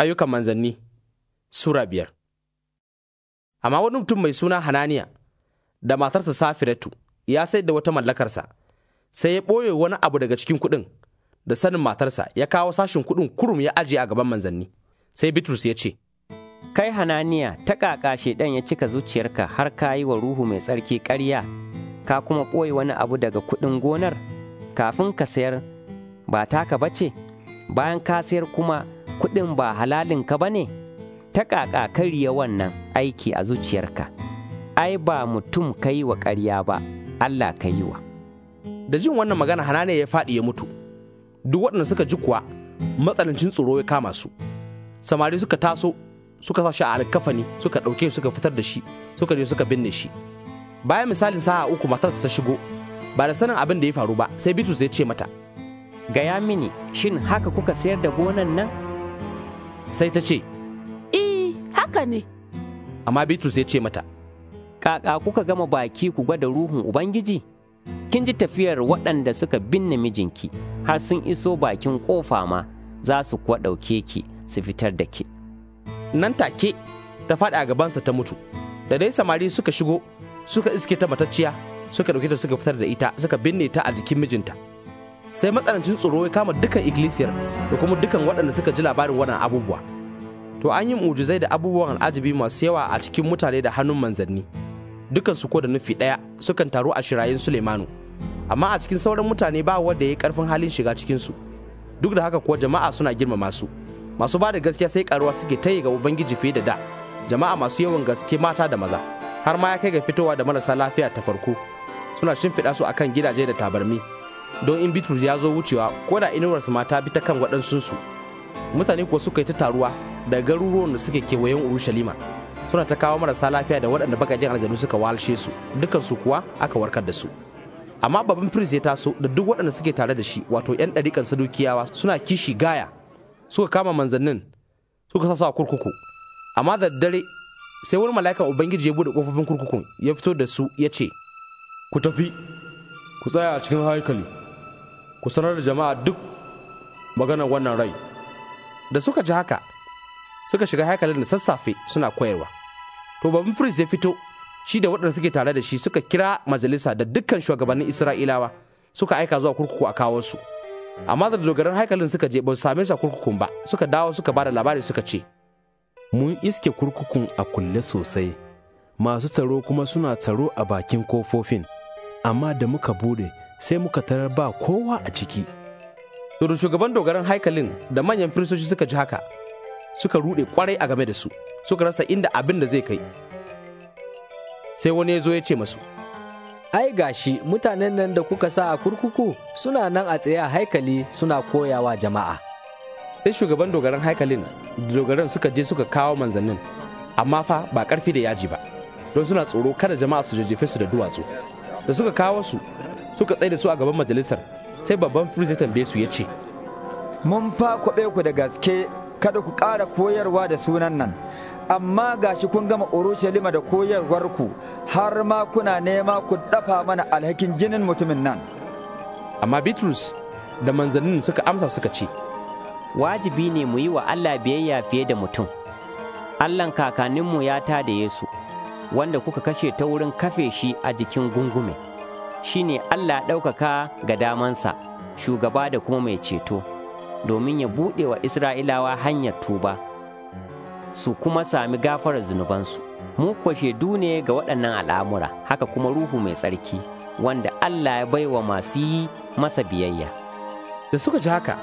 Ayyukan manzanni Sura biyar Amma wani mutum mai suna Hananiya da matarsa Safiratu ya sai da wata mallakarsa, sai ya ɓoye wani abu daga cikin kuɗin da sanin matarsa ya kawo sashin kuɗin kurum ya ajiye a gaban manzanni. Sai Bitrus ya ce, Kai Hananiya ta ƙaƙa shaidan ya cika zuciyarka har ka yi wa Ruhu mai tsarki ƙarya, ka kuma ɓoye wani abu daga kuɗin gonar, kafin ka sayar ba taka bace, bayan ka sayar kuma kuɗin ba halalin ka ba ne? Ta ƙaƙa wannan aiki a zuciyarka, ai ba mutum ka yi wa ƙarya ba, Allah ka yi wa. Da jin wannan magana ne ya faɗi ya mutu, duk waɗanda suka ji kuwa matsanancin tsoro ya kama su. Samari suka taso, suka sa shi a alkafani, suka ɗauke suka fitar da shi, suka je suka binne shi. Bayan misalin sa'a uku matarsa ta shigo, ba da sanin abin da ya faru ba, sai Bitrus ya ce mata, Gaya mini, shin haka kuka sayar da gonan nan? sai ta ce, I, eh, haka ne. Amma Bitrus ya ce mata, Kaka kuka gama baki ku gwada ruhun Ubangiji? Kin ji tafiyar waɗanda suka binne mijinki har sun iso bakin ƙofa ma za su kuwa ɗauke ki su fitar da ke. Nan take ta faɗi a gabansa ta mutu, da dai samari suka shigo suka iske ta matacciya suka ɗauke ta suka fitar da ita suka binne ta a jikin mijinta. sai matsanancin tsoro ya kama dukan igilisiyar da kuma dukan waɗanda suka ji labarin waɗannan abubuwa to an yi mu'ujizai da abubuwan al'ajabi masu yawa a cikin mutane da hannun manzanni dukan su ko da nufi ɗaya sukan taru a shirayen Suleimanu. amma a cikin sauran mutane ba wanda ya yi ƙarfin halin shiga cikin su duk da haka kuwa jama'a suna girmama su masu ba da gaskiya sai karuwa suke ta ga ubangiji fiye da da jama'a masu yawan gaske mata da maza har ma ya kai ga fitowa da marasa lafiya ta farko suna shimfiɗa su akan gidaje da tabarmi don in bitrus ya zo wucewa ko da inuwar su mata bi ta kan waɗansunsu mutane kuwa suka yi ta taruwa da garuruwan da suke kewayen urushalima suna ta kawo marasa lafiya da waɗanda bagajen aljanu suka walshe su dukansu kuwa aka warkar da su amma babban firist ya taso da duk waɗanda suke tare da shi wato 'yan ɗarikan sadukiyawa suna kishi gaya suka kama manzannin suka sa su a kurkuku amma da dare sai wani mala'ikan ubangiji ya buɗe ƙofofin kurkukun ya fito da su ya ce ku tafi ku tsaya a cikin haikali ku sanar da jama'a duk maganar wannan rai da suka ji haka suka shiga haikalin da sassafe suna koyarwa to babban firist ya fito shi da waɗanda suke tare da shi suka kira majalisa da dukkan shugabannin isra'ilawa suka aika zuwa kurkuku a kawo su amma da dogaran haikalin suka je ba same su a kurkukun ba suka dawo suka ba da labari suka ce mun iske kurkukun a kulle sosai masu tsaro kuma suna tsaro a bakin kofofin amma da muka bude sai muka tarar ba kowa a ciki. Tsoron shugaban dogaran haikalin da manyan firistoci suka ji haka, suka ruɗe kwarai a game da su, suka rasa inda abin da zai kai. Sai wani ya zo ya ce masu, Ai gashi mutanen nan da kuka sa a kurkuku suna nan a tsaye a haikali suna koyawa jama'a. Sai shugaban dogaran haikalin da dogaran suka je suka kawo manzannin, amma fa ba ƙarfi da yaji ba, don suna tsoro kada jama'a su jajjefe su da duwatsu. Da suka kawo su suka tsaye da su a gaban majalisar sai babban firist ya tambaye su ya ce mun fa kwaɓe ku da gaske kada ku ƙara koyarwa da sunan nan amma gashi kun gama urushalima da koyarwarku har ma kuna nema ku dafa mana alhakin jinin mutumin nan amma bitrus da manzannin suka amsa suka ce wajibi ne mu yi wa allah biyayya fiye da mutum allahn kakanninmu ya ta da yesu wanda kuka kashe ta wurin kafe shi a jikin gungume. Shi ne Allah ɗaukaka ga damansa, shugaba da kuma mai ceto, domin ya buɗe wa Isra'ilawa hanyar tuba, su kuma sami gafarar zunubansu. Mu kuwa shaidu ne ga waɗannan al'amura, haka kuma Ruhu mai tsarki, wanda Allah ya bai wa masu yi masa biyayya. Da suka ji haka,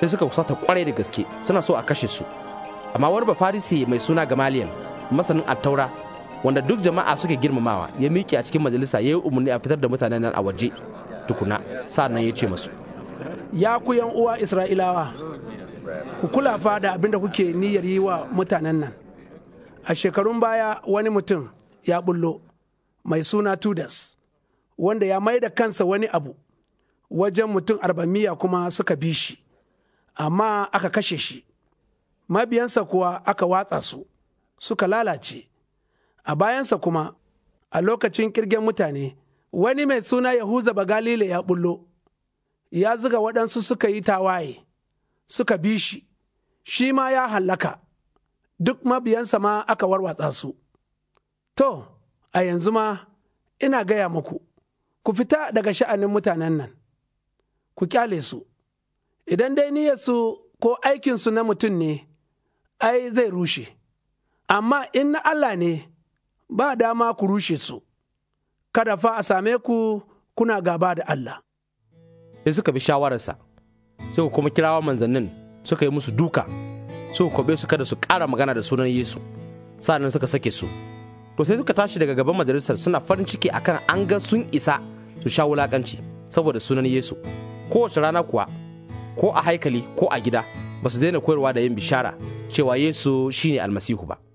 sai suka kusata kwarai da gaske suna so a kashe su. Amma warba Farisi mai suna Gamaliyan, masanin attaura wanda duk jama'a suke girmamawa ya miƙe a cikin majalisa ya yi umarni a fitar da mutanen nan a waje tukuna nan ya ce masu ya ku yan uwa isra'ilawa ku kula fa da abin da kuke niyyar yi wa mutanen nan a shekarun baya wani mutum ya bullo mai suna tudas wanda ya mai da kansa wani abu wajen mutum arbamiya kuma suka bi shi amma aka kashe shi mabiyansa kuwa aka watsa su suka lalace a bayansa kuma a lokacin kirgen mutane wani mai suna yahuza bagalile ya bullo ya zuga waɗansu suka yi tawaye suka bi shi shi ma ya hallaka duk mabiyansa ma aka warwatsa su to a yanzu ma ina gaya muku ku fita daga sha'anin mutanen nan ku kyale su idan dai niyyarsu ko aikinsu na mutum ne ai zai rushe amma in na Allah ne ba dama ku rushe su, kada fa a same ku kuna gaba da Allah. Sai suka bi shawararsa, sai kuma kirawa manzannin suka yi musu duka, suka kwabe su kada su ƙara magana da sunan Yesu, sa'an suka sake su. To sai suka tashi daga gaban majalisar suna farin ciki akan an ga sun isa su sha wulakanci saboda sunan Yesu. Kowace rana kuwa, ko a haikali ko a gida, ba su daina koyarwa da yin bishara cewa Yesu shine almasihu ba.